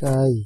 chai